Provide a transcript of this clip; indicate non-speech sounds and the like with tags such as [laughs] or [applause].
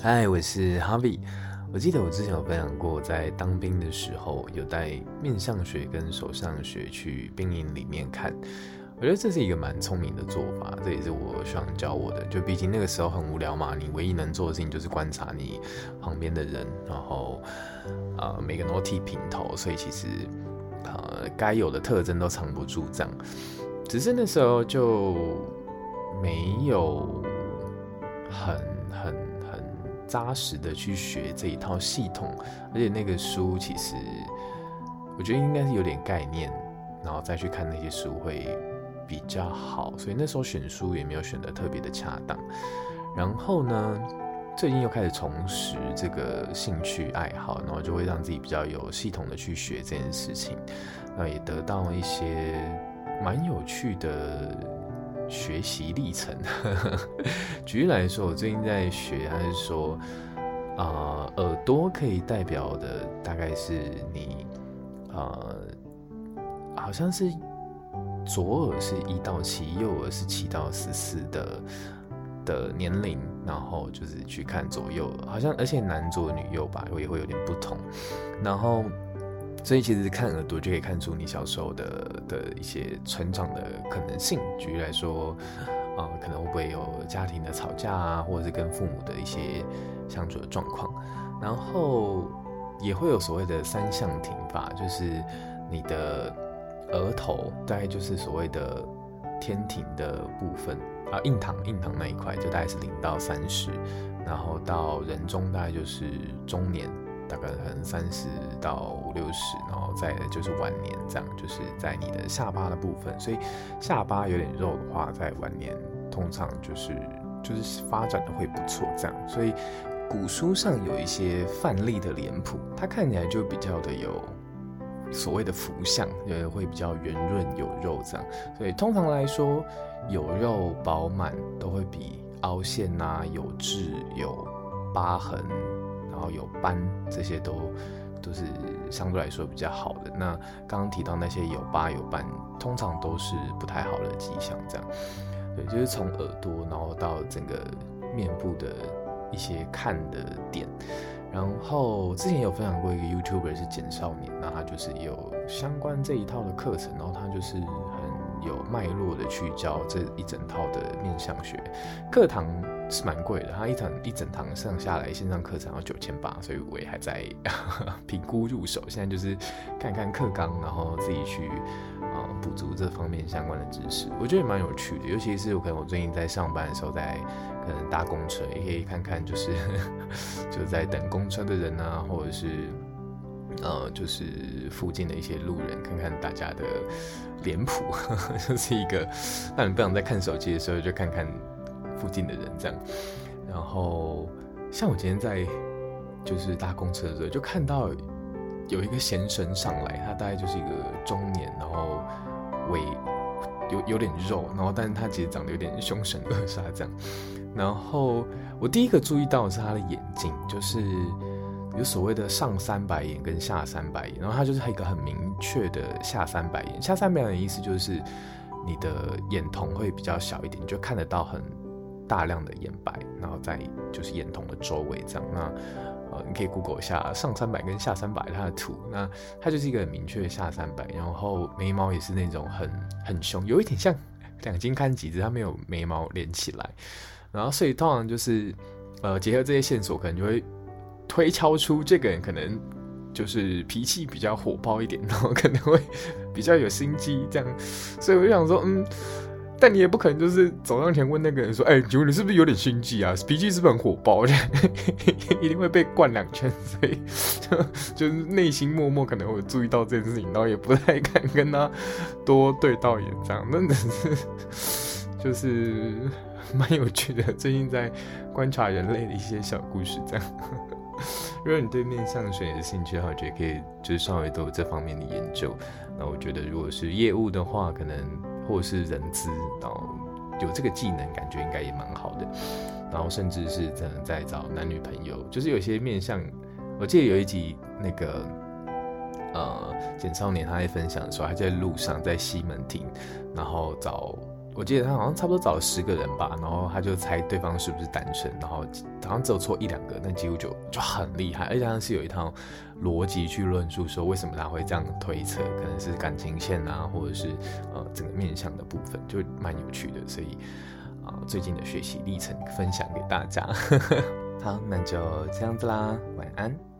嗨，Hi, 我是 Harvie 我記得我之前有分享過，在當兵的時候有帶面相學跟手相學去兵營裡面看。我覺得這是一個蠻聰明的做法，這也是我想教我的。就畢竟那個時候很無聊嘛，你唯一能做的事情就是觀察你旁邊的人，然後啊、呃，每個 note 平頭，所以其實啊，該、呃、有的特徵都藏不住這樣。只是那時候就沒有很。紮實的去學這一套系統，而且那個書其實我覺得應該是有點概念，然後再去看那些書會比較好。所以那時候選書也沒有選得特別的恰當。然後呢，最近又開始重拾這個興趣愛好，然後就會讓自己比較有系統的去學這件事情，那也得到一些蠻有趣的。學習歷程， [laughs] 舉例來說，我最近在學，還是說，啊、呃，耳朵可以代表的大概是你，呃，好像是左耳是一到七，右耳是七到十四的的年齡，然後就是去看左右，好像而且男左女右吧，我也會有點不同，然後。所以其實看耳朵就可以看出你小時候的的一些成長的可能性。舉例來說，啊、呃，可能會不會有家庭的吵架啊，或者是跟父母的一些相處的狀況，然後也會有所謂的三項停法，就是你的額頭大概就是所謂的天庭的部分啊，印堂印堂那一塊就大概是零到三十，然後到人中大概就是中年。大概可能三十到五六十，然後再就是晚年這樣，就是在你的下巴的部分，所以下巴有點肉的話，在晚年通常就是就是發展得會不錯這樣，所以古書上有一些範例的臉譜，它看起來就比較的有所謂的福相，也、就是、會比較圓潤有肉這樣，所以通常來說，有肉飽滿都會比凹陷吶、啊、有痣有疤痕。然後有斑，這些都都是相對來說比較好的。那剛剛提到那些有疤有斑，通常都是不太好的跡象。這樣，對，就是從耳朵然後到整個面部的一些看的點。然後之前有分享過一個 YouTuber 是簡少年，那他就是有相關這一套的課程，然後他就是。有脈絡的去教這一整套的面相學，課堂是蠻貴的，它一堂一整堂上下來，線上課程要九千八，所以我也還在評估入手。現在就是看看課綱，然後自己去啊、呃，補足這方面相關的知識。我覺得也蠻有趣的，尤其是我可能我最近在上班的時候，在可能搭公車也可以看看，就是就在等公車的人啊，或者是。呃，就是附近的一些路人，看看大家的臉譜，呵呵，就是一個。當你不想再看手機的時候，就看看附近的人這樣。然後，像我今天在就是搭公車的時候，就看到有一個閒神上來，他大概就是一個中年，然後尾有有點肉，然後但是他其實長得有點兇神惡煞這樣。然後我第一個注意到的是他的眼睛，就是。有所謂的上三白眼跟下三白眼，然後它就是一個很明確的下三白眼。下三白眼的意思就是，你的眼瞳會比較小一點，你就看得到很大量的眼白，然後在就是眼瞳的周圍這樣。那呃，你可以 Google 一下上三白跟下三白它的圖。那它就是一個很明確的下三白，然後眉毛也是那種很很兇，有一點像兩斤看幾隻，它沒有眉毛連起來。然後所以通常就是呃，結合這些線索，可能就會。推敲出這個人可能就是脾氣比較火爆一點，然後可能會比較有心機，這樣。所以我就想說，嗯，但你也不可能就是走上前問那個人說：“哎、欸，你你是不是有點心機啊？脾氣是不是很火爆？ [laughs] 一定會被灌兩圈，所以就就是內心默默可能會注意到這件事情，然後也不太敢跟他多對到眼，這樣。真的是就是、就是、蠻有趣的。最近在觀察人類的一些小故事，這樣。如果你對面相學有興趣的話，我覺得可以就是稍微多這方面的研究。那我覺得如果是業務的話，可能或是人資，然後有這個技能，感覺應該也蠻好的。然後甚至是呃在找男女朋友，就是有些面相，我記得有一集那個呃簡少年，他在分享的時候，他在路上在西門町，然後找。我記得他好像差不多找了十個人吧，然後他就猜對方是不是單身，然後好像只有錯一兩個，但幾乎就就很厲害，而且他是有一套邏輯去論述說為什麼他會這樣推測，可能是感情線啊，或者是呃整個面相的部分，就蠻有趣的。所以啊、呃，最近的學習歷程分享給大家。 [laughs] 好，那就這樣子啦，晚安。